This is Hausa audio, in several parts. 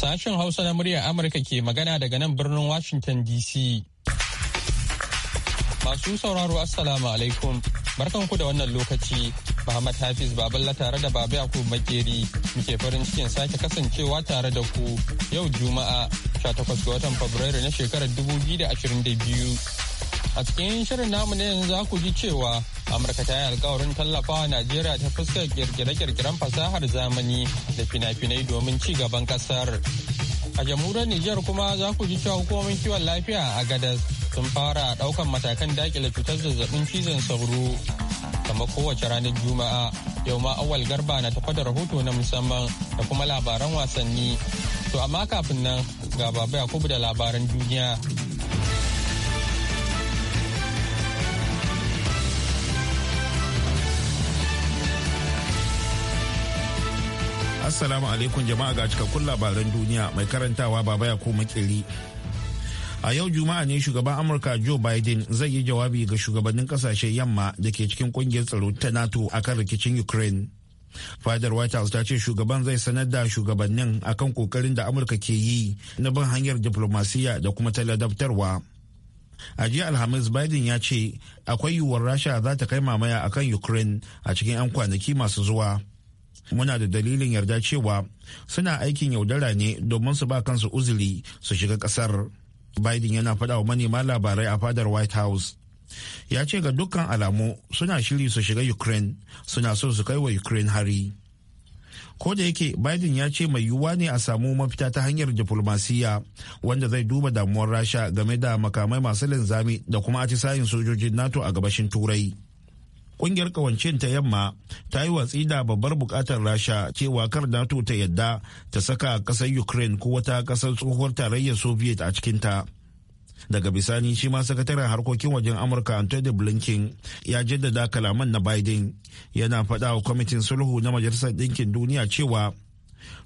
Sashen Hausa na muryar Amurka ke magana daga nan birnin Washington DC. Masu sauraro Assalamu alaikum. barkan ku da wannan lokaci. Muhammad Hafiz Baballa tare da Baba Yakubu Makeri muke farin cikin sake kasancewa tare da ku yau Juma'a 18 ga watan Fabrairu na shekarar 2022. A cikin shirin namu ne yanzu za ku ji cewa Amurka ta yi alkawarin tallafawa Najeriya ta fuskar kirkire-kirkiren fasahar zamani da fina-finai domin ci gaban kasar. A jamhuriyar Nijar kuma za ku ji cewa hukumomin kiwon lafiya a Gadas sun fara daukan matakan dakile cutar zazzabin cizon sauro. Kamar kowace ranar Juma'a, yau ma awal garba na tafa da rahoto na musamman da kuma labaran wasanni. To amma kafin nan ga baba Yakubu da labaran duniya. Assalamu alaikum jama'a ga cikakkun labaran duniya mai karantawa baba ya ko makili. A yau Juma'a ne shugaban Amurka Joe Biden zai yi jawabi ga shugabannin kasashen yamma da ke cikin kungiyar tsaro ta NATO akan rikicin Ukraine. Fadar White House ta ce shugaban zai sanar da shugabannin akan kokarin da Amurka ke yi na bin hanyar diplomasiya da kuma taladabtarwa. a jiya alhamis biden ya ce akwai yiwuwar rasha za ta kai mamaya akan ukraine a cikin 'yan kwanaki masu zuwa muna da dalilin yarda cewa suna aikin yaudara ne domin su ba kansu uzuri su shiga kasar biden yana faɗa wa manema labarai a fadar white house ya ce ga dukkan alamu suna shiri su shiga ukraine suna so su kai wa ukraine hari ko da yake biden ya ce mai yiwuwa ne a samu mafita ta hanyar diplomasiya wanda zai duba damuwar rasha game da makamai masu linzami da kuma atisayin sojojin nato a gabashin turai kungiyar kawancin ta yamma ta yi watsi da babbar bukatar rasha cewa kar nato ta yadda ta saka kasar ukraine ko wata kasar tsohuwar tarayyar soviet a cikinta daga bisani shi ma sakataren harkokin wajen amurka Antony blinken ya jaddada kalaman na biden yana faɗa wa kwamitin sulhu na majalisar ɗinkin duniya cewa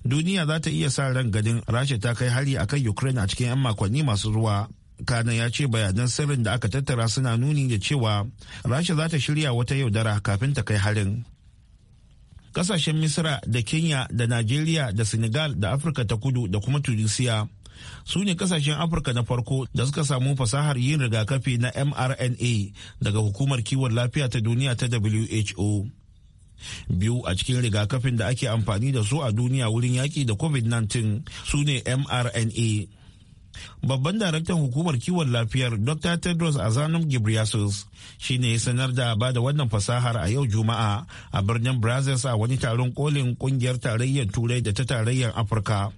duniya za ta iya sa ran gadin rasha ta kai hari akan ukraine a cikin 'yan makonni masu zuwa kana ya ce bayanan sirrin da aka tattara suna nuni da cewa rasha za ta shirya wata yaudara kafin ta kai harin kasashen Misira da kenya da najeriya da senegal da afirka ta kudu da kuma tunisia su ne kasashen afirka na farko da suka samu fasahar yin rigakafi na mrna daga hukumar kiwon lafiya ta duniya ta who biyu a cikin rigakafin da ake amfani da su a duniya wurin yaƙi da covid-19 su ne mrna Babban daraktan hukumar kiwon lafiyar Dr. Tedros Azanum Ghebreyesus shi ne sanar da ba da wannan fasahar a yau Juma'a a birnin Brazil a wani taron kolin kungiyar tarayyar Turai da ta tarayyar Afirka.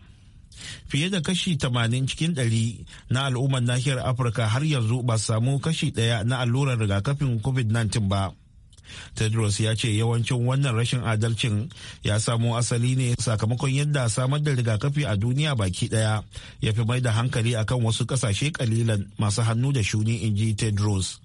Fiye da kashi tamanin cikin 100 na al'ummar nahiyar Afirka har yanzu ba samu kashi ɗaya na allurar rigakafin COVID-19 ba. tedros ya ce yawancin wannan rashin adalcin ya samo asali ne sakamakon yadda samar da rigakafi a duniya baki daya ya fi mai da hankali akan wasu kasashe kalilan masu hannu da shuni in ji tedros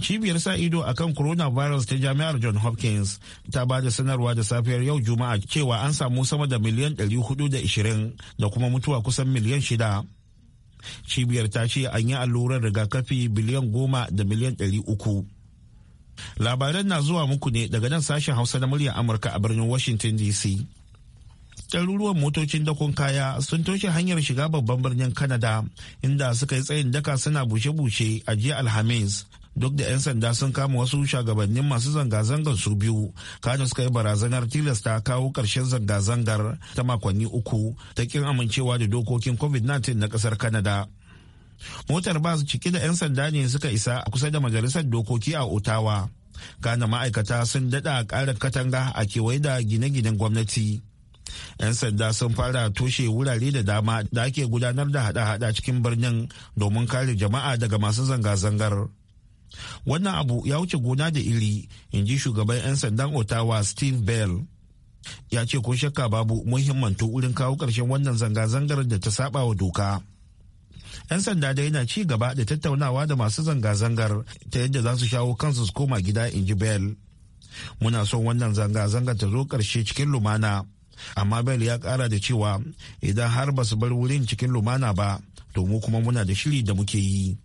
cibiyar sa ido akan coronavirus ta jami'ar john hopkins ta ba da sanarwa da safiyar yau juma'a cewa an samu sama da miliyan 420 da kuma mutuwa kusan miliyan shida. cibiyar ta ce an yi allurar rigakafi biliyan goma da miliyan ɗari uku. Labaran na zuwa muku ne daga nan sashen Hausa na muryar Amurka a birnin Washington DC. Ɗaruruwan motocin dakon kaya sun toshe hanyar shiga babban birnin Canada inda suka yi tsayin daka suna bushe-bushe a jiya Alhamis. Duk da 'yan sanda sun kama wasu shugabannin masu zanga-zangar su biyu, Kano suka yi barazanar tilasta kawo ƙarshen zanga-zangar ta makonni uku ta kin amincewa da dokokin COVID-19 na ƙasar Canada. Motar bas cike da 'yan sanda ne suka isa a kusa da majalisar dokoki a Otawa. kana ma'aikata sun daɗa ƙarin katanga a kewaye da gine-ginen gwamnati. 'Yan sanda sun fara toshe wurare da dama da ake gudanar da hada-hada cikin birnin domin kare jama'a daga masu zanga-zangar. Wannan abu ya wuce gona da iri, in ji shugaban 'yan sandan Ottawa Steve Bell. Ya ce ko shakka babu muhimmanto wurin kawo ƙarshen wannan zanga-zangar da ta saba wa doka. 'yan sanda dai na ci gaba da tattaunawa da masu zanga-zangar ta yadda za su shawo kansu su koma gida in ji bell muna son wannan zanga-zangar ta zo ƙarshe cikin lumana amma bell ya ƙara da cewa idan har ba su bar wurin cikin lumana ba to mu kuma muna da shiri da muke yi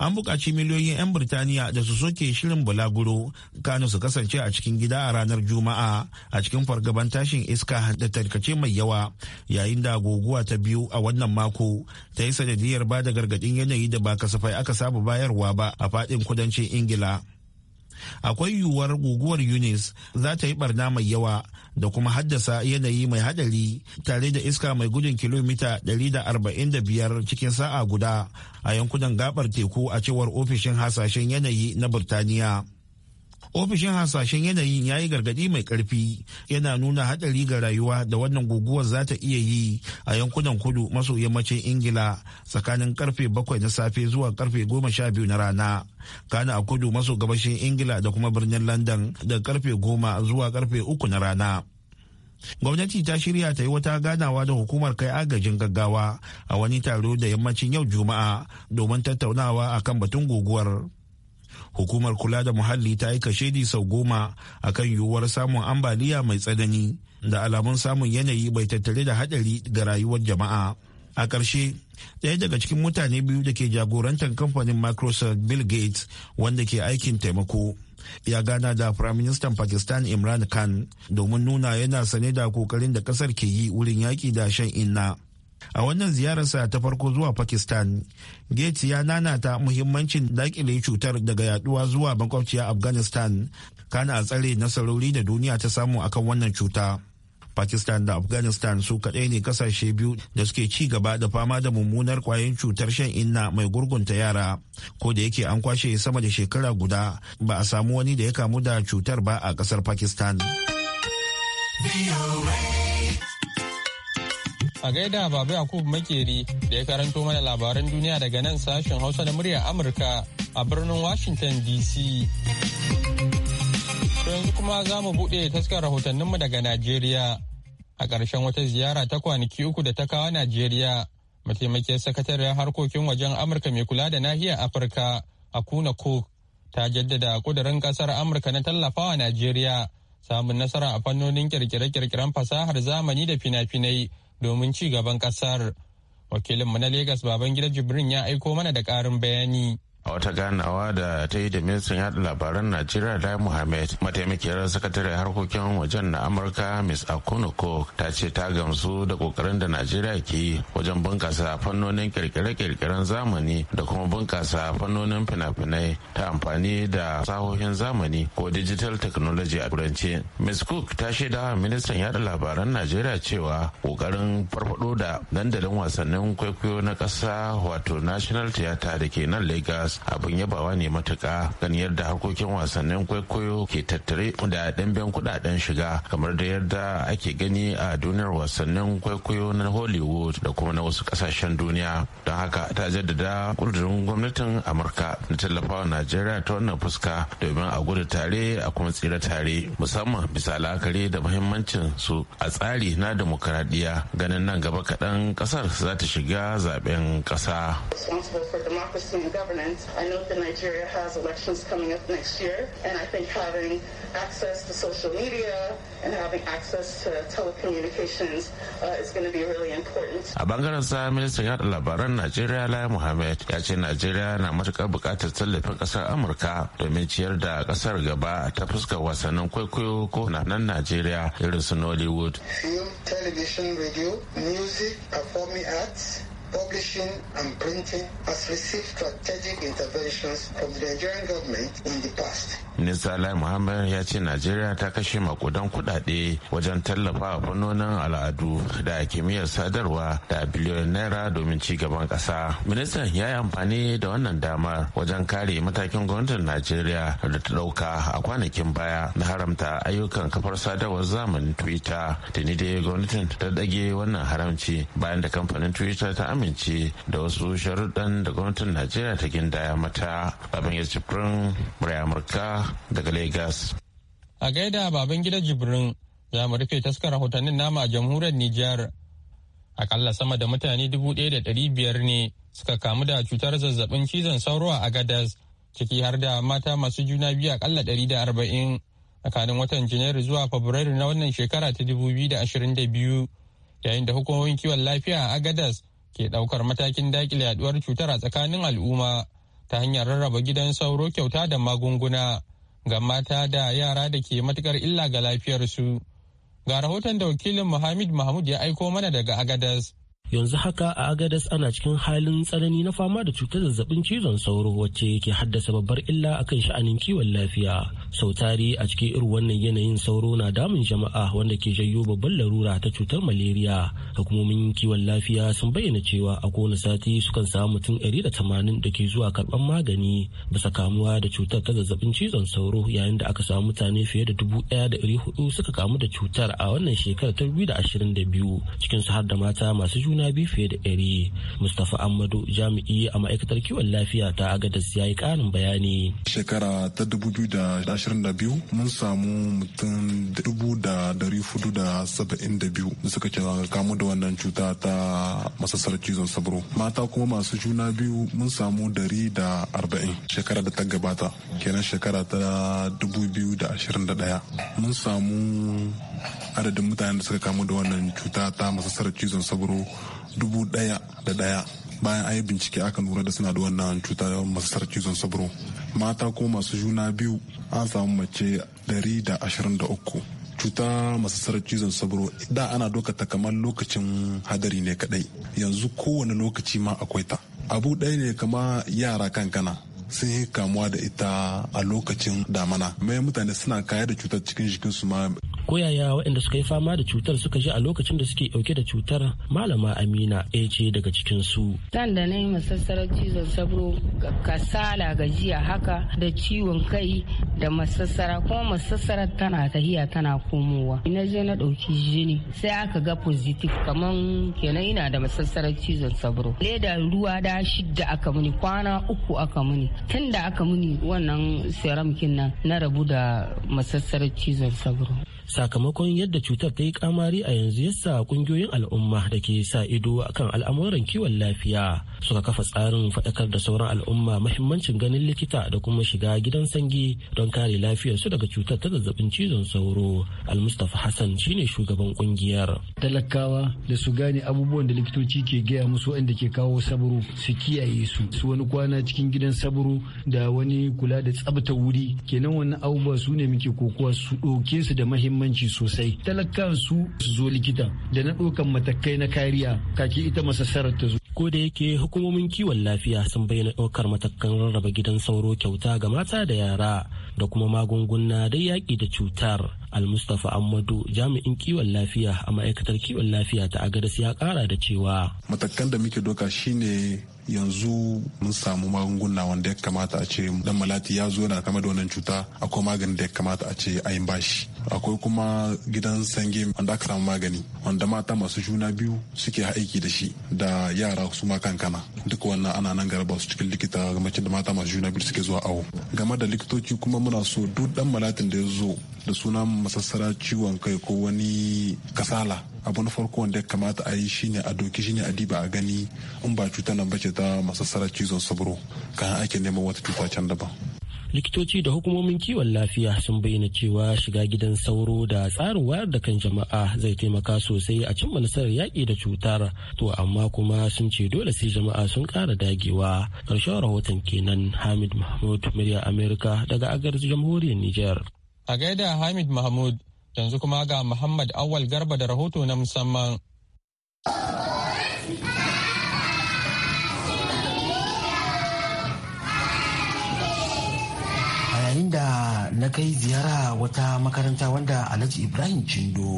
an buƙaci miliyoyin 'yan Birtaniya da su soke shirin bulaguro kano su kasance a cikin gida a ranar Juma'a a cikin fargaban tashin iska da tarkace mai yawa yayin da guguwa ta biyu a wannan mako ta yi sanadiyar ba da gargaɗin yanayi da ba kasafai aka saba bayarwa ba a faɗin kudancin Ingila. akwai yiwuwar guguwar yunis za ta yi barna mai yawa da kuma haddasa yanayi mai hadari tare da iska mai gudun kilomita 145 cikin sa'a guda a yankunan gabar teku a cewar ofishin hasashen yanayi na burtaniya ofishin hasashen yanayin ya yi gargadi mai karfi yana nuna hadari ga rayuwa da wannan guguwar za ta iya yi a yankunan kudu maso yammacin ingila tsakanin karfe bakwai na safe zuwa karfe goma sha biyu na rana kana a kudu maso gabashin ingila da kuma birnin london daga karfe goma zuwa karfe uku na rana gwamnati ta shirya ta yi wata ganawa da hukumar kai agajin gaggawa a wani taro da yammacin yau juma'a domin tattaunawa akan batun guguwar hukumar kula da muhalli ta yi kashedi sau goma a kan yiwuwar samun ambaliya mai tsanani da alamun samun yanayi bai tattare da hadari ga rayuwar jama'a a ƙarshe ɗaya daga cikin mutane biyu da ke jagorantar kamfanin microsoft bill gates wanda ke aikin taimako ya gana da firaministan pakistan imran khan domin nuna yana sane da kokarin da ƙasar ke yi wurin yaƙi da shan inna a wannan ziyararsa ta farko zuwa pakistan gates ya nanata muhimmancin dakile cutar daga yaduwa zuwa makwabciya afghanistan kana a tsare nasarori da duniya ta samu akan wannan cuta pakistan da afghanistan su kaɗai ne kasashe biyu da suke ci gaba da fama da mummunar kwayoyin cutar shan inna mai gurgunta yara ko da yake an kwashe sama da shekara guda ba a samu wani da ya kamu da cutar ba a ƙasar pakistan. A gaida Baba Yakubu Makeri da ya karanto mana labaran duniya daga nan sashen Hausa da muryar Amurka a birnin Washington DC. yanzu kuma za mu buɗe taskar rahotanninmu daga Najeriya. A ƙarshen wata ziyara ta kwanaki uku da ta kawo Najeriya, mataimakin sakatariyar harkokin wajen Amurka mai kula da nahiyar Afirka a Kuna Cook ta jaddada kudurin ƙasar Amurka na tallafawa Najeriya samun nasara a fannonin kirkire-kirkiren fasahar zamani da fina-finai domin ci gaban ƙasar wakilinmu na Legas Babangida Jibrin ya aiko mana da ƙarin bayani. a wata ganawa da ta yi da ministan yada labaran najeriya lai muhammed mataimakiyar sakatare harkokin wajen na amurka miss akunuko ta ce ta gamsu da kokarin da najeriya ke yi wajen bunkasa fannonin kirkire-kirkiren zamani da kuma bunkasa fannonin fina-finai ta amfani da sahohin zamani ko digital technology a turanci miss cook ta shaida ministan yada labaran najeriya cewa kokarin farfado da dandalin wasannin kwaikwayo na ƙasa wato national theatre da ke nan lagos Stars abin yabawa ne matuƙa gan yadda harkokin wasannin kwaikwayo ke tattare da ɗanben kuɗaɗen shiga kamar da yadda ake gani a duniyar wasannin kwaikwayo na Hollywood da kuma na wasu ƙasashen duniya. Don haka ta jaddada ƙudurin gwamnatin Amurka na tallafawa Najeriya ta wannan fuska domin a gudu tare a kuma tsira tare musamman bisa la'akari da muhimmancin su a tsari na demokaradiyya ganin nan gaba kaɗan ƙasar za ta shiga zaɓen ƙasa. Responsible for democracy and governance I know that Nigeria has elections coming up next year, and I think having access to social media and having access to telecommunications uh, is going to be really important. A bangaren sa ministan yada labaran Najeriya Lai Mohammed, ya ce Najeriya na matuƙar buƙatar tallafin ƙasar Amurka domin ciyar da ƙasar gaba ta fuskar wasannin kwaikwayo ko nan Najeriya irin su Nollywood. Film, television, radio, music, performing arts, publishing and printing has received strategic interventions from the Nigerian government in the past. Minista Lai Muhammad ya ce Najeriya ta kashe makudan kudade wajen tallafa fannonin al'adu da kimiyyar sadarwa da biliyon naira domin ci gaban ƙasa. Ministan ya yi amfani da wannan dama wajen kare matakin gwamnatin Najeriya da ta dauka a kwanakin baya na haramta ayyukan kafar sadarwar zamanin Twitter. Tuni dai gwamnatin ta dage wannan haramci bayan da kamfanin Twitter ta amince amince da wasu sharuɗan da gwamnatin najeriya ta gindaya mata abin ya jibrin murai amurka daga lagos a gaida baban gida jibrin za mu rufe taskar rahotannin nama a jamhuriyar nijar akalla sama da mutane dubu ɗaya da ɗari biyar ne suka kamu da cutar zazzabin cizon sauro a agadas ciki har da mata masu juna biyu akalla ɗari da arba'in tsakanin watan janairu zuwa fabrairu na wannan shekara ta dubu biyu da ashirin da biyu yayin da hukumomin kiwon lafiya a agadas ke ɗaukar matakin dakile yaduwar cutar a tsakanin al'umma ta hanyar rarraba gidan sauro kyauta da magunguna ga mata da yara da ke matukar illa ga lafiyarsu. Ga rahoton da wakilin Muhammad Mahmud ya aiko mana daga Agadas. yanzu haka a agadas ana cikin halin tsanani na fama da cutar zazzabin cizon sauro wacce ke haddasa babbar illa akan sha'anin kiwon lafiya sau tari a cikin irin wannan yanayin sauro na damun jama'a wanda ke janyo babban larura ta cutar malaria hukumomin kiwon lafiya sun bayyana cewa a kowane sati sukan samu mutum 180 da ke zuwa karban magani bisa kamuwa da cutar ta zazzabin cizon sauro yayin da aka samu mutane fiye da 1,400 suka kamu da cutar a wannan shekarar ta 2022 cikinsu har da mata masu juna biyu fiye da 100 mustapha Ahmadu jami'i a ma'aikatar kiwon lafiya ta agadas ya yi ƙarin bayani shekara ta 2022 mun samu mutum dubu da dari ce da saba'in da biyu kamu da wannan cuta ta masasar cizon sabro mata kuma masu juna biyu mun samu dari da arba'in shekara da ta gabata kenan shekara ta dubu biyu da ashirin da daya mun samu adadin mutanen da suka kamu da wannan cuta ta masasar cizon sabro dubu daya da daya bayan an yi bincike aka lura da suna da wannan cuta masasar cizon sabro mata ko masu juna biyu an samu mace 123 cuta sarar cizon sabro da ana dokata kamar lokacin hadari ne kadai yanzu kowane lokaci ma akwai ta abu ɗaya ne kama yara kankana sun yi kamuwa da ita a lokacin damana mai mutane suna kaya da cutar cikin jikinsu ma ko yaya waɗanda suka yi fama da cutar suka ji a lokacin da suke ɗauke da cutar malama amina ɗaya ce daga cikin su tan da na yi masassarar cizon sabro kasala gajiya haka da ciwon kai da masassara kuma masassarar tana tahiya tana komowa na je na ɗauki jini sai aka ga positif kamar kenan ina da masassarar cizon sabro leda ruwa da shidda aka muni kwana uku aka muni tun da aka muni wannan seramkin nan na rabu da masassarar cizon sabro sakamakon yadda cutar ta yi kamari a yanzu yasa kungiyoyin al'umma da ke sa ido akan al'amuran kiwon lafiya suka kafa tsarin faɗakar da sauran al'umma mahimmancin ganin likita da kuma shiga gidan sange don kare lafiyarsu daga cutar ta zazzabin cizon sauro almustafa hassan shine shugaban kungiyar talakawa da su gane abubuwan da likitoci ke gaya musu waɗanda ke kawo sabro su kiyaye su su wani kwana cikin gidan sabro da wani kula da tsabta wuri kenan wannan abubuwa su ne muke kokowa su ɗauke su da mahimmanci muhimmanci sosai talakan su su zo likita da na dokan matakai na kariya kaki ita masassarar ta zo ko da yake hukumomin kiwon lafiya sun bayyana ɗaukar matakan rarraba gidan sauro kyauta ga mata da yara da kuma magunguna da yaƙi da cutar almustafa amadu jami'in kiwon lafiya a ma'aikatar kiwon lafiya ta agadas ya ƙara da cewa matakan da muke doka shine yanzu mun samu magunguna wanda ya kamata a ce dan malati ya zo yana kama da wannan cuta akwai maganin da ya kamata a ce a yi bashi akwai kuma gidan sange wanda aka samu magani wanda mata masu juna biyu suke aiki da shi da yara su ma kankana duk wannan ana nan garba su cikin likita mace da mata masu juna biyu suke zuwa awo game da likitoci kuma muna so duk dan malatin da ya zo da sunan masassara ciwon kai ko wani kasala abu na farko wanda ya kamata a yi shine a doki shine a diba a gani in ba cutar nan bace ta masassarar cizon sabro kan ake neman wata cuta can daban likitoci da hukumomin kiwon lafiya sun bayyana cewa shiga gidan sauro da tsarin wayar da kan jama'a zai taimaka sosai a cimma nasarar yaƙi da cutar to amma kuma sun ce dole sai jama'a sun ƙara dagewa ƙarshen rahoton kenan hamid mahmud murya amerika daga agar jamhuriyar niger a gaida hamid mahmud Yanzu kuma ga Muhammad Awal Garba da rahoto na musamman. da na kai ziyara wata makaranta wanda alhaji ibrahim cindo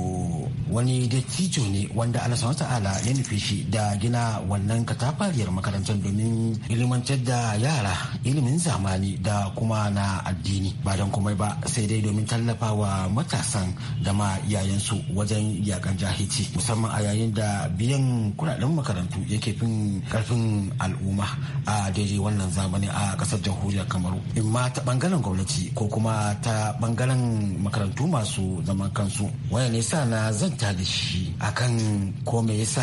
wani dattijo ne wanda alasan ta'ala ya nufi shi da gina wannan katafariyar makarantar domin ilimantar da yara ilimin zamani da kuma na addini ba don komai ba sai dai domin tallafa wa matasan da ma yayansu wajen yakan jahici musamman a yayin da biyan kudaden makarantu yake fin karfin al'umma a daidai wannan zamani a kasar jamhuriyar kamaru in ma ta bangaren gwamnati ko kuma ta bangaren makarantu masu zaman kansu waya ne sa na zanta da shi akan ko me yasa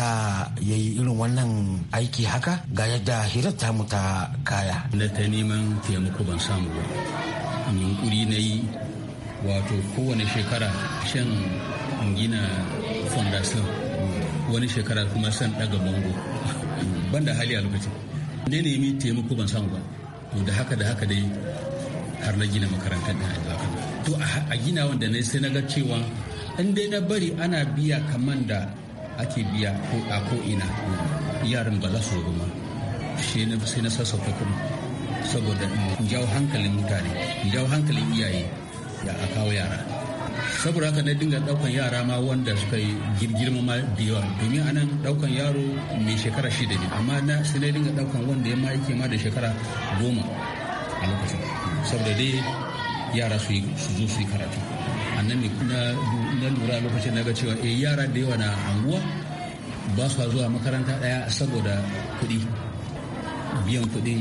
ya yi irin wannan aiki haka ga yadda hirar tamu ta kaya na ta neman taimako ban samu ba yunkuri na yi wato kowane shekara shan gina fondation wani shekara kuma san daga bango banda hali a lokacin ne nemi taimako ban samu ba to da haka da haka dai har na gina makarantar da to a gina wanda ne sai na ga cewa in dai na bari ana biya kaman da ake biya ko a ko ina yaran ba za su zo ma sai na sai na sassauta kuma saboda in jawo hankalin mutane in jawo hankalin iyaye da a kawo yara saboda haka na dinga daukan yara ma wanda suka yi girgirma ma da yawa domin anan daukan yaro mai shekara shida ne amma na sai na dinga daukan wanda ya ma yake ma da shekara goma a lokacin saboda dai yara su zo su yi karatu annan ne na lura lokacin na ga cewa eh yara da yawa na anguwa ba su zuwa makaranta daya saboda kuɗi biyan kuɗi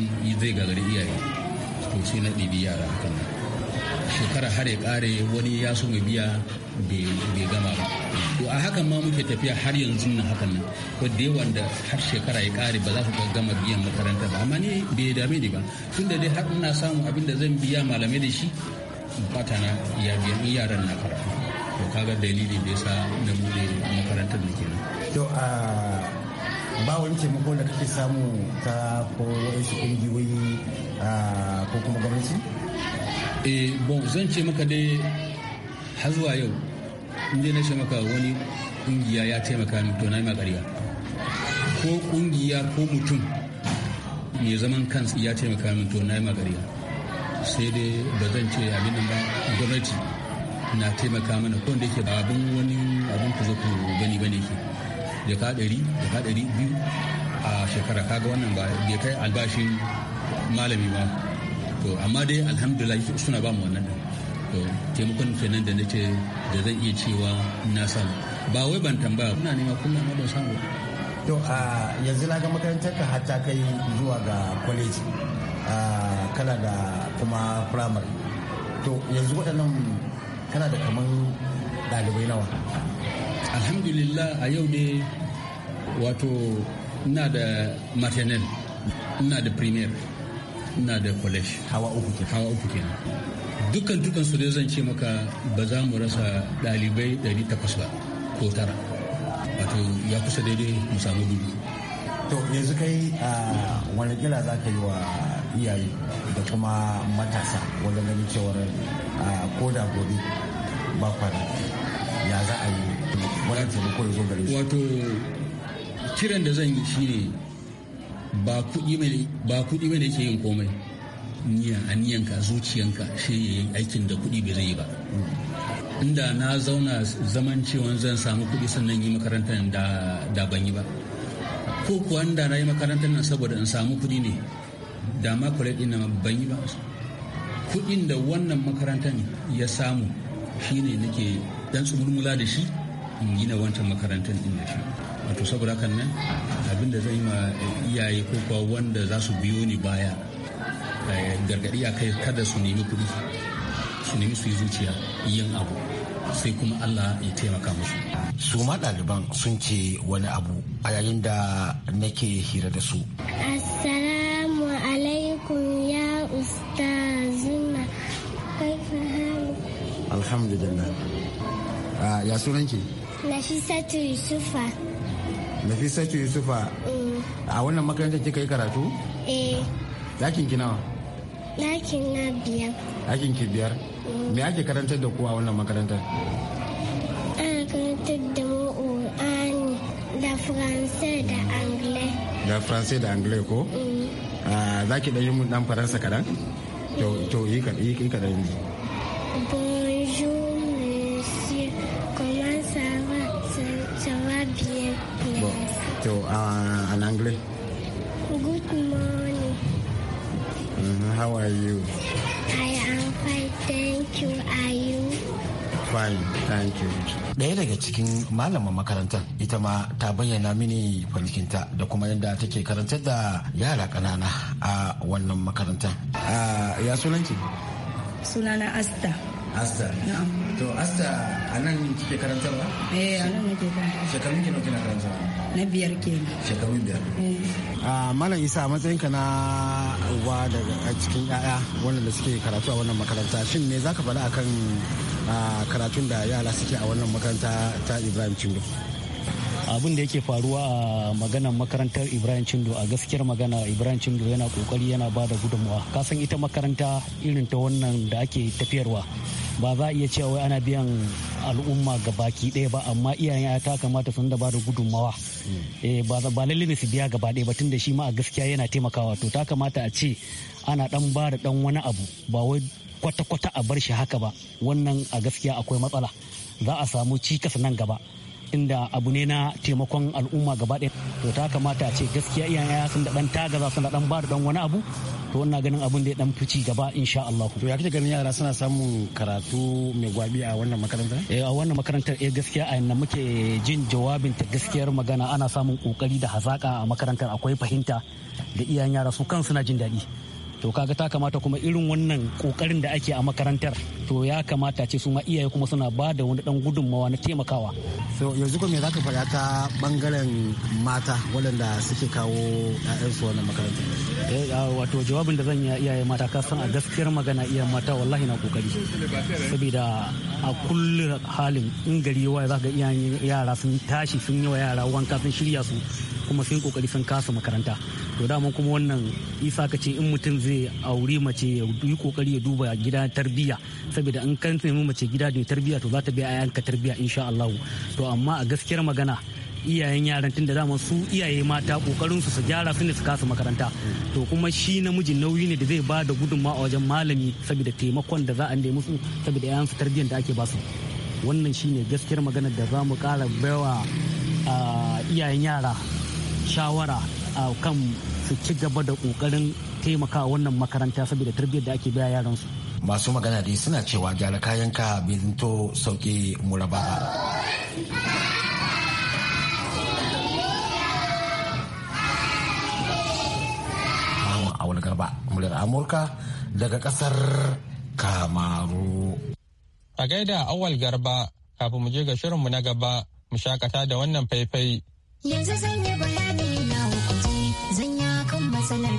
zai gagari iyaye to sai na ɗibi yara hakan shekara har ya kare wani ya so mai biya bai gama ba to a hakan ma muke tafiya har yanzu na hakan nan ko da yawan da har shekara ya kare ba za su gama biyan makaranta ba amma ni bai dame ni ba tun da dai har ina samun abin da zan biya malamai da shi bata na ya biya yaran na karatu to kaga dalili da yasa na bude makarantar da kenan to a ba wani taimako da kake samu ta ko wasu kungiyoyi ko kuma gwamnati e bon zan ce maka dai har zuwa yau inda na ce maka wani kungiya ya taimaka ni to na yi makariya ko kungiya ko mutum mai zaman kansa ya taimaka min to na yi makariya sai dai ba zan ce abin ba gwamnati na taimaka mana ko da yake ba abin wani abin ku zaku gani bane ke da ka ɗari da ka ɗari biyu a shekara kaga wannan ba bai kai albashin malami ba to amma dai alhamdulillah suna ba mu wannan to taimakon kenan da nake da zan iya cewa na samu ba wai ban tambaya kuna nema kuma ma ban samu to a yanzu na ga makarantar ka hatta kai zuwa ga kwaleji kana da kuma firamare to yanzu waɗannan kana da kaman ɗalibai nawa alhamdulillah a yau ne wato ina da maternal ina da premier ina da college hawa uku ke hawa uku kenan dukkan dukkan su dai zan ce maka ba za mu rasa dalibai 800 ba ko tara wato ya kusa daidai mu samu dubu to yanzu kai wani kila za ka yi wa iyaye da kuma matasa wajen ganin cewar ko da gobe ba kwana ya za a yi wani taimako ya zo gare wato kiran da zan yi shine ba kuɗi mai ba kuɗi mai yake yin komai niyya aniyanka zuciyanka shi yi aikin da kuɗi bai zai ba inda na zauna zaman cewa zan samu kuɗi sannan yi makarantar da ban yi ba ko kuwa inda na yi makarantar nan saboda in samu kuɗi ne da ma kuɗi ɗin ban yi ba kuɗin da wannan makarantar ya samu shine nake dan tsumulmula da shi in gina wancan makarantar ɗin da shi wato saboda hakan nan abinda zan yi ma iyaye ko kuwa wanda za su biyo ni baya eh, gargaɗi a kai kada su nemi kuɗi su nemi su yi zuciya yin abu sai kuma Allah ya taimaka musu. su ma ɗaliban sun ce wani abu a yayin da nake hira da su. Assalamu alaikum ya ustazuna Alhamdulillah. Ah, ya sunanki? Nafisatu Yusufa. Nafisatu Yusufa. Eh. A wannan makaranta kika yi karatu? Eh. Dakin ki nawa? Dakin na biyar. Dakin ki biyar? Mm. Me ake karantar da ku a wannan makarantar? Ana karantar da mu Qur'ani da faransa da Anglais. Da faransa da Anglais ko? Mm. Ah, za ki ɗan yi mun ɗan Faransa kaɗan? To yi kaɗan yi. to uh, Good morning. Mm, how are you? I am fine, thank you. Are you? Fine, thank you. Ɗaya daga cikin malaman makarantar ita ma ta bayyana mini farkinta da kuma yadda take karantar da yara ƙanana a wannan makarantar. Ya sunanki? Sunana Asta. Asta. To Asta a nan kike karantarwa? Eh, a nan nake karantarwa. Shekarun kina karantarwa? na biyar kenan shekarun biyar eh. a ah, malam isa a ka na uba daga cikin yaya wanda da suke karatu a wannan makaranta shin me zaka a kan ah, karatun da yara suke a wannan makaranta ta ibrahim chindo abin da yake faruwa a maganar makarantar ibrahim cindo a gaskiyar magana ibrahim cindo yana kokari yana ba da gudunmuwa kasan ita makaranta irin ta wannan da ake tafiyarwa ba za a iya cewa wai ana biyan al'umma ga baki ɗaya ba amma iyayen ya ta kamata sun da ba da gudunmawa eh, ba lalle ne su biya gaba ɗaya ba tunda shi ma a gaskiya yana taimakawa to ta kamata a ce ana dan ba da dan wani abu ba wai kwata-kwata a bar shi haka ba wannan a gaskiya akwai matsala za a samu cikas nan gaba da abu ne na taimakon al'umma gaba ɗaya to ta kamata ce gaskiya iyayen sun da dan za su da dan ba da dan wani abu to wannan ganin abun da ya dan fici gaba insha Allah to ya kike ganin yara suna samun karatu mai gwabi a wannan makarantar eh a wannan makarantar eh gaskiya a yanda muke jin jawabin ta gaskiyar magana ana samun kokari da hazaka a makarantar akwai fahimta da iyayen yara su kan suna jin daɗi to kaga ta kamata kuma irin wannan kokarin da ake a makarantar to ya kamata ce su ma iyaye kuma suna ba da wani dan gudunmawa na taimakawa so yanzu ko me zaka faɗa ta bangaren mata waɗanda suke kawo su wannan makarantar eh, ah, wato jawabin da zan yi iyaye mata ka san a gaskiyar magana iyaye mata wallahi na kokari saboda a kullu halin in gari yawa zaka ga yara sun tashi sun yi wa yara wanka sun shirya su kuma sun kokari sun kasa makaranta to dama kuma wannan isa ka ce in mutum zai zai aure mace ya yi kokari ya duba gida tarbiya saboda in kan nemi mace gida mai tarbiyya to za ta bi yanka tarbiyya insha Allah to amma a gaskiyar magana iyayen yaran tun da dama su iyaye mata kokarin su su gyara su ne su kasa makaranta to kuma shi namiji nauyi ne da zai ba da gudunmawa wajen malami saboda taimakon da za a nemi su saboda yayan su tarbiyyar da ake su wannan shine gaskiyar magana da za mu kara baiwa iyayen yara shawara a kan su ci gaba da kokarin taimaka wannan makaranta saboda tarbiyyar da ake biya yaran su. masu magana dai suna cewa gyara kayan ka bizinto sauke muraba a garba muryar amurka daga kasar kamaru a gaida awal garba kafin mu je ga shirinmu na gaba mu shakata da wannan faifai yanzu zan yi bayani na hukunci zan ya kan matsalar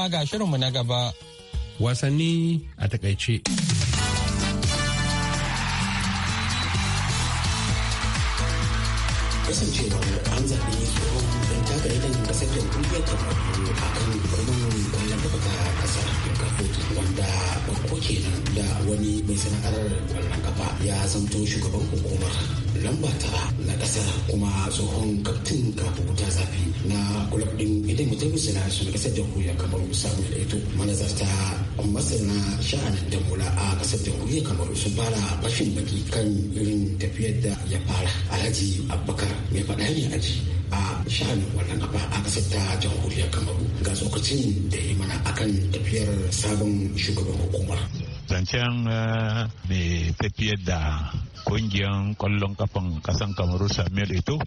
kuma ga shirinmu na gaba. Wasanni a takaice. Kasancewar an zaɓi tsohon ɗan da ƙasar ta Kamaru a kan birnin ƙwallon da baka ƙasar Afirka wanda kenan da wani mai sana'ar kafa ya zanto shugaban hukumar lamba tara na kasar kuma tsohon kaftin kafin wuta zafi na kulab din idan mutum suna sun kasar jamhuriyar kamar samu da ito manazarta masana sha'anin mula a kasar jamhuriyar kamar sun fara bashin baki kan irin tafiyar da ya fara alhaji abubakar mai faɗa ne aji a sha'anin wannan gaba a kasar ta jamhuriyar kamaru ga tsokacin da yi mana akan tafiyar sabon shugaban hukumar zancen eh, mai tafiyar da kungiyar kwallon kafan kasan kamaru samuel eto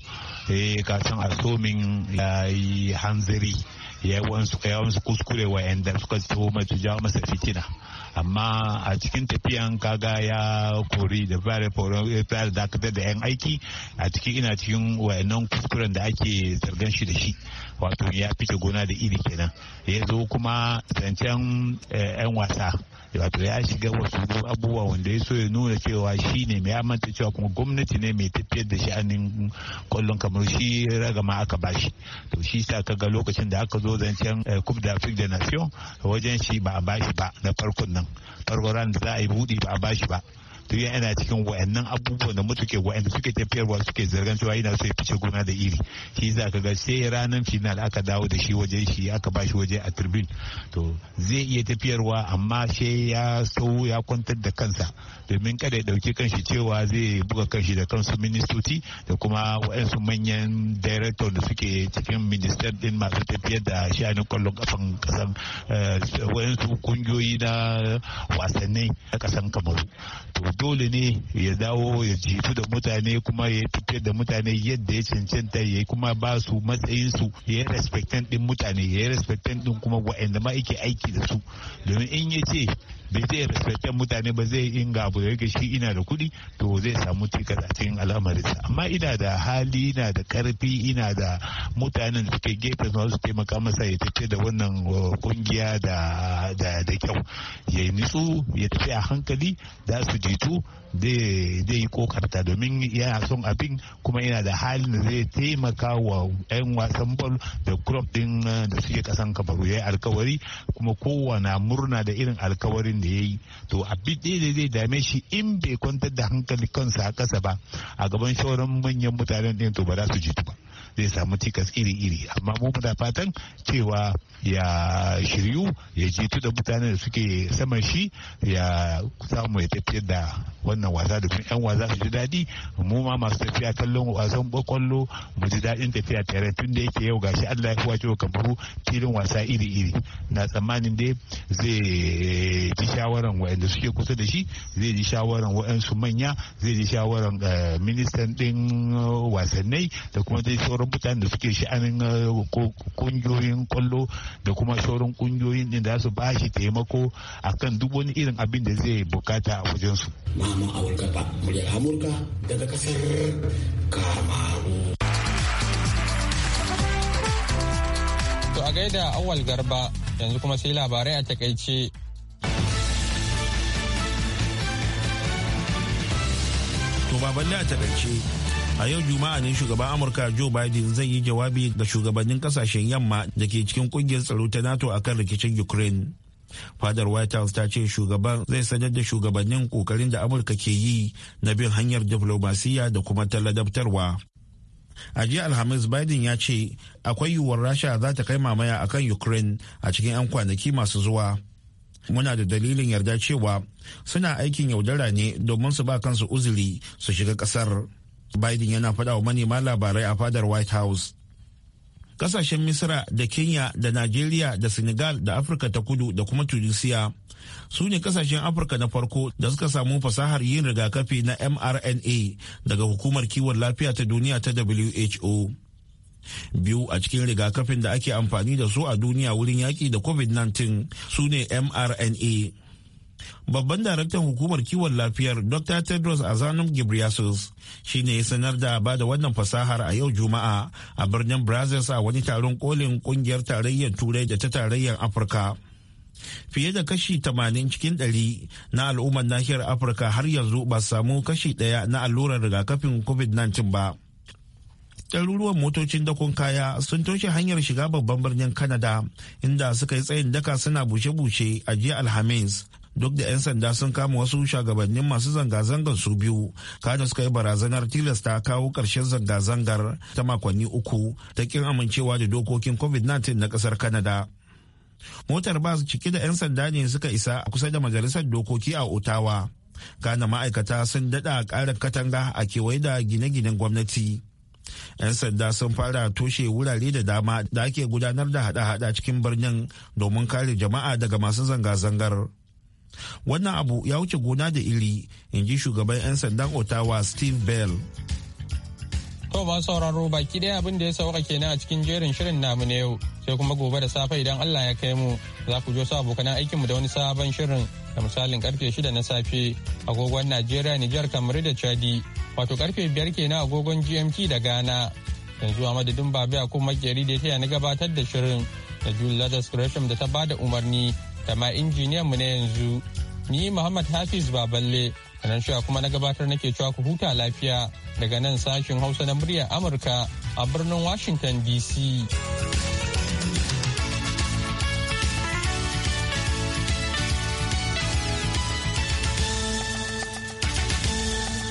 eh kasan asomin ya yi hanzari yawansu kuskure wa yanda suka so masu jawo masa fitina amma a cikin tafiyan kaga ya kori da fara fara dakatar da yan aiki a cikin ina cikin wayannan kuskuren da ake zargan shi da shi wato ya fice gona da iri kenan ya zo kuma zancen eh, yan wasa wato ya shiga wasu abubuwa wanda ya so ya nuna cewa shi ne mai manta cewa kuma gwamnati ne mai tafiyar da shi sha'anin kwallon kamar shi ragama aka bashi to shi sa kaga lokacin da aka zo zo zancen eh, da afrique da nation wajen shi ba a bashi ba na farkon nan farko ran da za a yi buɗi ba a bashi ba to yana cikin wayannan abubuwan da mutuke wayanda suke tafiyarwa suke zargan cewa yana so ya fice gona da iri shi za ka ga sai ranar final aka dawo da shi waje shi aka ba shi waje a turbin to zai iya tafiyarwa amma sai ya sau ya kwantar da kansa domin kada ya dauki kanshi cewa zai buga kanshi da kansu ministoci da kuma wayansu manyan director da suke cikin minister din masu tafiyar da sha'anin kwallon kafan kasan eh, wayansu kungiyoyi na wasanni a kasan kamaru to dole ne ya dawo ya jitu da mutane kuma ya tafiye da mutane yadda ya cancanta ya kuma ba su matsayinsu ya yi respectant din mutane ya yi respectant din kuma wa'anda ma yake aiki da su domin in ya ce bai zai respectan mutane ba zai inga abu ya shi ina da kuɗi to zai samu cikas a cikin al'amarinsa amma ina da hali ina da karfi ina da mutanen da suke gefe su su taimaka masa ya tafi da wannan kungiya uh, da kyau ya nitsu ya tafi a hankali za su jitu zai yi kokarta domin yana son abin kuma yana da halin da zai taimaka wa 'yan wasan ball da crop din eh, da suke kasan kabaru ya yi alkawari kuma kowane murna da irin alkawarin da ya yi to abin da zai dame shi in bai kwantar da hankali kansa a kasa ba a gaban shauran manyan mutanen din to ba za su jitu ba zai samu tikas iri-iri amma mu muna fatan cewa ya shiryu ya je da mutanen da suke saman shi ya samu ya tafiyar da wannan wasa da kuma 'yan wasa su ji daɗi mu ma masu tafiya kallon wasan kwakwallo mu ji daɗin tafiya tare tun da yake yau gashi Allah ya kuwa kamaru filin wasa iri-iri na tsammanin dai zai ji shawaran wa'anda suke kusa da shi zai ji shawaran wa'ansu manya zai ji shawaran eh, ministan ɗin eh, wasannai da kuma dai sauran da suke sha'anin eh, kungiyoyin kwallo da kuma sauran kungiyoyin din da su ba shi taimako akan duk wani irin abin da zai bukata a wajen su. Mamun Amurka ba, muryar Amurka daga kasar Kamaru. To a gaida awal garba yanzu kuma sai labarai a takaice. To baballe a takaice a yau juma'a ne shugaban amurka joe biden zai yi jawabi ga shugabannin kasashen yamma da ke cikin kungiyar tsaro ta nato akan rikicin ukraine fadar white house ta ce shugaban zai sanar da shugabannin kokarin da amurka ke yi na bin hanyar diflomasiyya da kuma talladabtarwa a jiya alhamis biden ya ce akwai yiwuwar rasha za ta kai mamaya akan ukraine a cikin 'yan kwanaki masu zuwa muna da dalilin yarda cewa suna aikin yaudara ne domin su ba kansu uzuri su shiga kasar Biden yana faɗa wa manema labarai a fadar White House. Kasashen Misra da Kenya da Najeriya da Senegal da Afirka ta kudu da kuma Tunisia su ne kasashen Afirka na farko da suka samu fasahar yin rigakafi na mRNA daga hukumar kiwon lafiya ta duniya ta WHO. biyu a cikin rigakafin da ake amfani da su a duniya wurin yaƙi da covid-19 su ne mrna babban daraktan hukumar kiwon lafiyar dr tedros azanum gibriasus shi ne ya sanar da ba da wannan fasahar a yau juma'a a birnin brazil a wani taron kolin kungiyar tarayyar turai da ta tarayyar afirka fiye da kashi 80 cikin 100 na al'ummar nahiyar afirka har yanzu ba samu kashi ɗaya na allurar rigakafin covid-19 ba ɗaruruwan motocin dakon kaya sun toshe hanyar shiga babban birnin Kanada, inda suka yi tsayin daka suna bushe-bushe a jiya Alhamis duk da 'yan sanda sun kama wasu shugabannin masu zanga-zangar su biyu kada suka yi barazanar tilasta kawo ƙarshen zanga-zangar ta makonni uku ta kin amincewa da dokokin covid-19 na ƙasar Kanada. motar bas cike da 'yan sanda ne suka isa a kusa da majalisar dokoki a otawa kana ma'aikata sun daɗa ƙarin katanga a kewaye da gine-ginen gwamnati 'yan sanda sun fara toshe wurare da dama da ake gudanar da hada-hada cikin birnin domin kare jama'a daga masu zanga-zangar wannan abu ya wuce gona da iri inji shugaban 'yan sandan ottawa steve bell to ba sauraro baki daya abin da ya sauka kenan a cikin jerin shirin namu na yau sai kuma gobe da safe idan allah ya kai mu za ku jo su abokan aikinmu da wani sabon shirin da misalin karfe 6 na safe agogon najeriya nijar kamar da chadi wato karfe 5 kenan agogon gmt da ghana yanzu a madadin babu ya kuma gari da ya taya na gabatar da shirin da julia da da ta bada umarni da injiniyan mu na yanzu ni Muhammad Hafiz Baballe nan shi kuma na gabatar nake cewa ku huta lafiya daga nan sashin Hausa na muryar Amurka a birnin Washington DC.